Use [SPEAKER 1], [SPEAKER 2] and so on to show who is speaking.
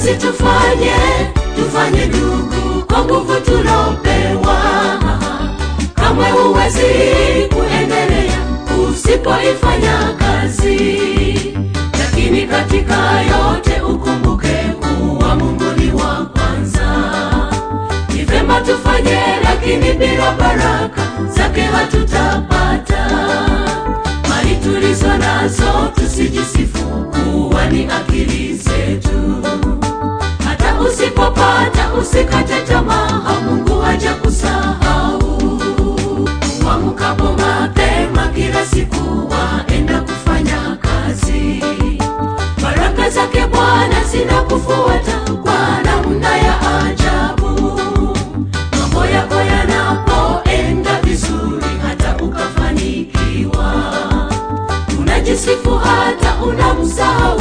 [SPEAKER 1] kazi tufanye, tufanye ndugu, kwa nguvu tulopewa. Kamwe uwezi kuendelea usipoifanya kazi, lakini katika yote ukumbuke kuwa Mungu ni wa kwanza. Ni tufanye, lakini bila baraka zake hatutapata mali tulizo nazo tusijisi siku hata unamsahau